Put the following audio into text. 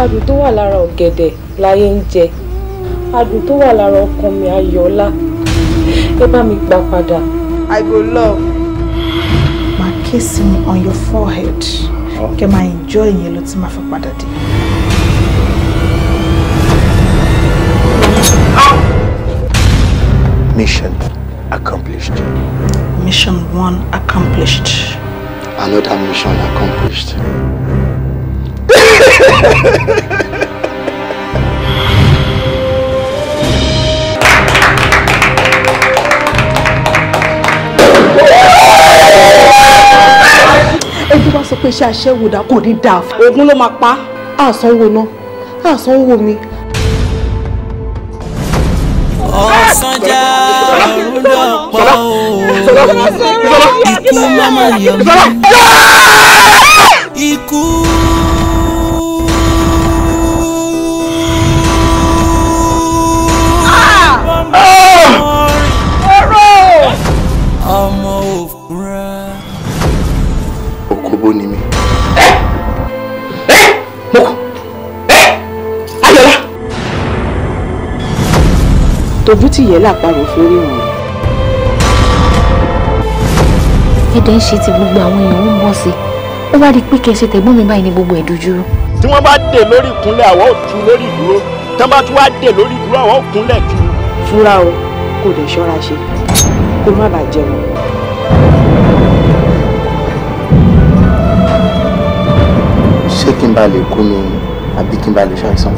adùn tó wà lára ọ̀gẹ̀dẹ̀ láyé ń jẹ adùn tó wà lára ọkàn mi ayọ̀ọ́lá ẹ bá mi gbà padà. I go love. Máa kiss him on your forehead. Kẹ́ máa enjoy ìyẹn ló ti máa fi padà dé. Mission accomplished. Mission one accomplished. Another mission accomplished ẹni tó bá sọ pé iṣẹ́ aṣẹ́wó dà kò ní dáa ogun ló máa pa á àsanwó náà àsanwó mi. ọ̀sánjà ọ̀run òòrùn ikú mọ́mọ́ yọ̀ òpó ni mi. ẹ ẹ mo ayọ̀lá. tójú ti yẹ lápárò forí hàn. ẹ̀dẹ̀ ń ṣe ti gbogbo àwọn èèyàn ń bọ̀ sí ó wá di pé kẹsẹ̀ tẹ̀gbọ́n mi báyìí ní gbogbo ẹ̀ dojúrú. tí wọ́n bá dè lórí ìkúnlẹ̀ àwọn ò tú lórí ìdúró tí wọ́n bá tún wá dè lórí ìdúró àwọn ò kúnlẹ̀ tú. fúra o kò lè ṣọ́ra ṣe kó má bàa jẹun. n bá lè kú ni àbí kí n bá lè ṣàìsàn.